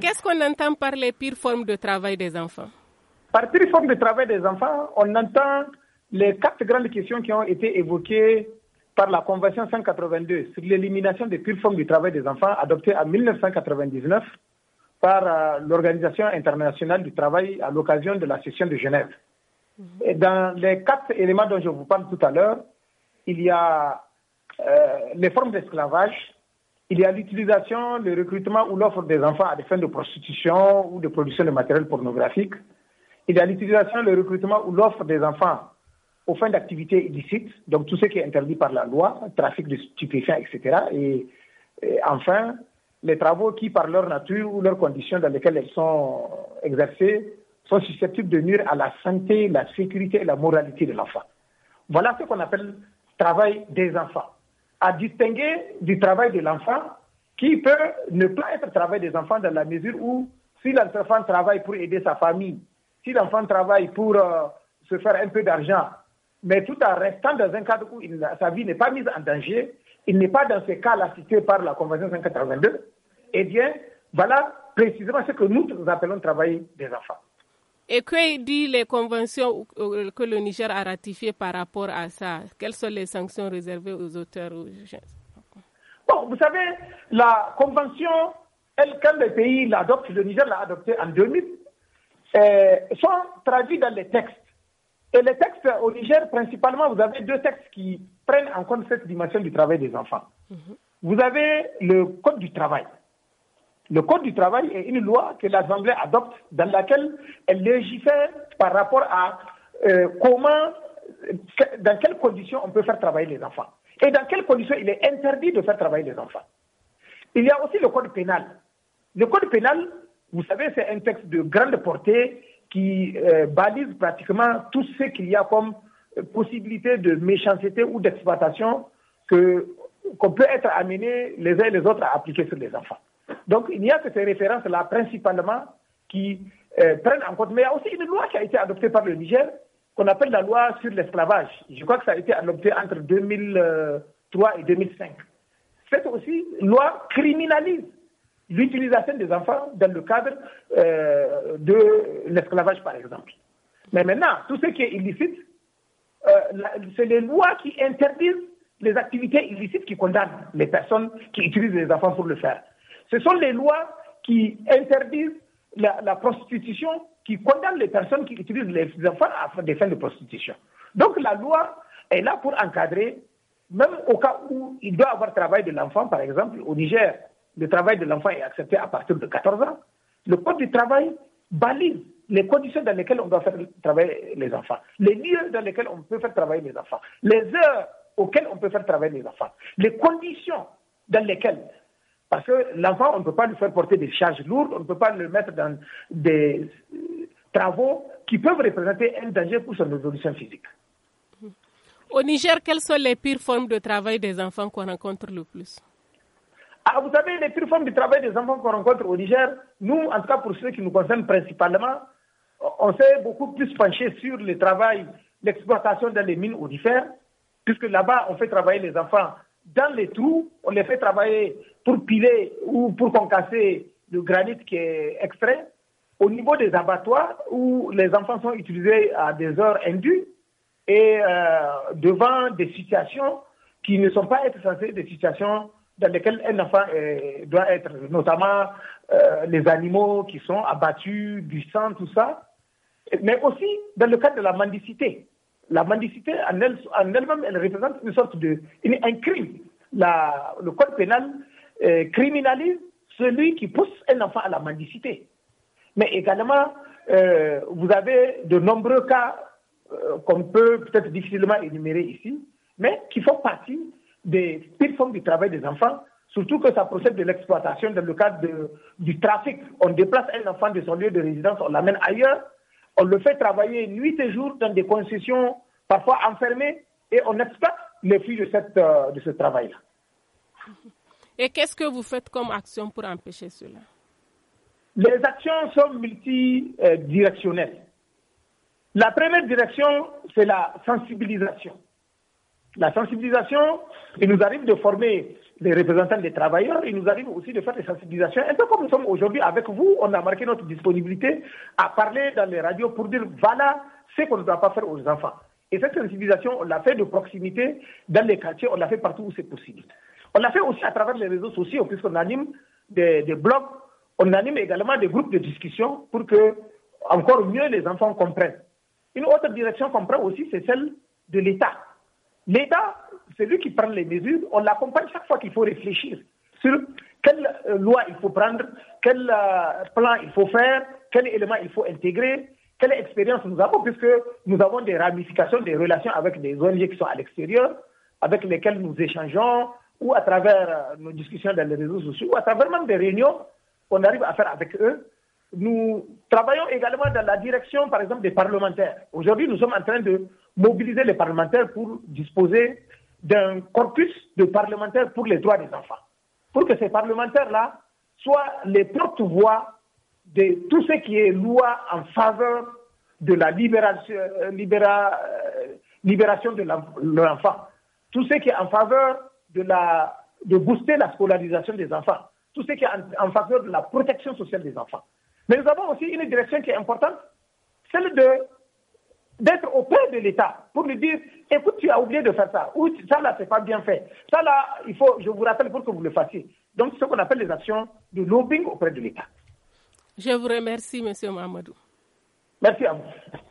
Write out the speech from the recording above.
Qu'est-ce qu'on entend par les pires formes de travail des enfants Par pires formes de travail des enfants, on entend les quatre grandes questions qui ont été évoquées par la Convention 182 sur l'élimination des pires formes de travail des enfants adoptée en 1999 par euh, l'Organisation internationale du travail à l'occasion de la session de Genève. dans les quatre éléments dont je vous parle tout à l'heure, il y a euh, les formes d'esclavage, il y a l'utilisation, le recrutement ou l'offre des enfants à des fins de prostitution ou de production de matériel pornographique. Il y a l'utilisation, le recrutement ou l'offre des enfants aux fins d'activités illicites, donc tout ce qui est interdit par la loi, trafic de stupéfiants, etc. Et, enfin, les travaux qui, par leur nature ou leurs conditions dans lesquelles elles sont exercées, sont susceptibles de nuire à la santé, la sécurité et la moralité de l'enfant. Voilà ce qu'on appelle travail des enfants à distinguer du travail de l'enfant qui peut ne pas être travail des enfants dans la mesure où si l'enfant travaille pour aider sa famille, si l'enfant travaille pour euh, se faire un peu d'argent, mais tout en restant dans un cadre où sa vie n'est pas mise en danger, il n'est pas dans ce cas-là cité par la Convention 182, eh bien, voilà précisément ce que nous, nous appelons travail des enfants. Et que dit les conventions que le Niger a ratifiées par rapport à ça Quelles sont les sanctions réservées aux auteurs Bon, vous savez, la convention, elle, quand le pays l'adopte, le Niger l'a adoptée en 2000, euh, sont traduits dans les textes. Et les textes au Niger, principalement, vous avez deux textes qui prennent en compte cette dimension du travail des enfants. Mhm. Vous avez le Code du travail, le Code du travail est une loi que l'Assemblée adopte dans laquelle elle légifère par rapport à euh, comment, dans quelles conditions on peut faire travailler les enfants et dans quelles conditions il est interdit de faire travailler les enfants. Il y a aussi le Code pénal. Le Code pénal, vous savez, c'est un texte de grande portée qui euh, balise pratiquement tout ce qu'il y a comme euh, possibilité de méchanceté ou d'exploitation qu'on peut être amené les uns et les autres à appliquer sur les enfants. Donc il n'y a que ces références-là principalement qui euh, prennent en compte. Mais il y a aussi une loi qui a été adoptée par le Niger qu'on appelle la loi sur l'esclavage. Je crois que ça a été adopté entre 2003 et 2005. Cette aussi loi criminalise l'utilisation des enfants dans le cadre euh, de l'esclavage, par exemple. Mais maintenant, tout ce qui est illicite, euh, c'est les lois qui interdisent les activités illicites qui condamnent les personnes qui utilisent les enfants pour le faire. Ce sont les lois qui interdisent la, prostitution, qui condamnent les personnes qui utilisent les enfants à des fins de prostitution. Donc la loi est là pour encadrer, même au cas où il doit avoir travail de l'enfant, par exemple, au Niger, le travail de l'enfant est accepté à partir de 14 ans. Le Code du travail balise les conditions dans lesquelles on doit faire travailler les enfants, les lieux dans lesquels on peut faire travailler les enfants, les heures auxquelles on peut faire travailler les enfants, les conditions dans lesquelles parce que l'enfant, on ne peut pas lui faire porter des charges lourdes, on ne peut pas le mettre dans des euh, travaux qui peuvent représenter un danger pour son évolution physique. Au Niger, quelles sont les pires formes de travail des enfants qu'on rencontre le plus ah, Vous savez, les pires formes de travail des enfants qu'on rencontre au Niger, nous, en tout cas pour ceux qui nous concernent principalement, on s'est beaucoup plus penché sur le travail, l'exploitation dans les mines aurifères, puisque là-bas, on fait travailler les enfants dans les trous, on les fait travailler pour piler ou pour concasser le granit qui est extrait. Au niveau des abattoirs, où les enfants sont utilisés à des heures indues et euh, devant des situations qui ne sont pas être des situations dans lesquelles un enfant doit être, notamment euh, les animaux qui sont abattus, du sang, tout ça, mais aussi dans le cadre de la mendicité la mendicité en elle-même, elle, représente une sorte de, un crime. le code pénal euh, criminalise celui qui pousse un enfant à la mendicité. Mais également, euh, vous avez de nombreux cas euh, qu'on peut peut-être difficilement énumérer ici, mais qui font partie des pires formes du travail des enfants, surtout que ça procède de l'exploitation dans le cadre de, du trafic. On déplace un enfant de son lieu de résidence, on l'amène ailleurs, on le fait travailler nuit et jour dans des concessions parfois enfermées et on exploite les fruits de, euh, de ce travail-là. Et qu'est-ce que vous faites comme action pour empêcher cela Les actions sont multidirectionnelles. La première direction, c'est la sensibilisation. La sensibilisation, il nous arrive de former les représentants des travailleurs, il nous arrive aussi de faire des sensibilisations. Un peu comme nous sommes aujourd'hui avec vous, on a marqué notre disponibilité à parler dans les radios pour dire voilà ce qu'on ne doit pas faire aux enfants. Et cette sensibilisation, on l'a fait de proximité, dans les quartiers, on l'a fait partout où c'est possible. On l'a fait aussi à travers les réseaux sociaux, puisqu'on anime des, des, blogs, on anime également des groupes de discussion pour que encore mieux les enfants comprennent. Une autre direction qu'on prend aussi, c'est celle de l'État. L'État, c'est lui qui prend les mesures, on l'accompagne chaque fois qu'il faut réfléchir sur quelle euh, loi il faut prendre, quel euh, plan il faut faire, quel élément il faut intégrer, quelle expérience nous avons, puisque nous avons des ramifications, des relations avec des ONG qui sont à l'extérieur, avec lesquelles nous échangeons, ou à travers euh, nos discussions dans les réseaux sociaux, ou à travers même des réunions qu'on arrive à faire avec eux. Nous travaillons également dans la direction, par exemple, des parlementaires. Aujourd'hui, nous sommes en train de mobiliser les parlementaires pour disposer d'un corpus de parlementaires pour les droits des enfants. Pour que ces parlementaires-là soient les porte-voix de tout ce qui est loi en faveur de la libération, euh, euh, de l'enfant. Tout ce qui est en faveur de, la, de booster la scolarisation des enfants. Tout ce qui est en faveur de la protection sociale des enfants. Mais nous avons aussi une direction qui est importante, celle de d'être auprès de l'État pour lui dire écoute, tu as oublié de faire ça, ou ça là, c'est pas bien fait. Ça là, il faut, je vous rappelle pour que vous le fassiez. Donc, c'est ce qu'on appelle les actions de lobbying auprès de l'État. Je vous remercie, Monsieur Mamadou. Merci à vous.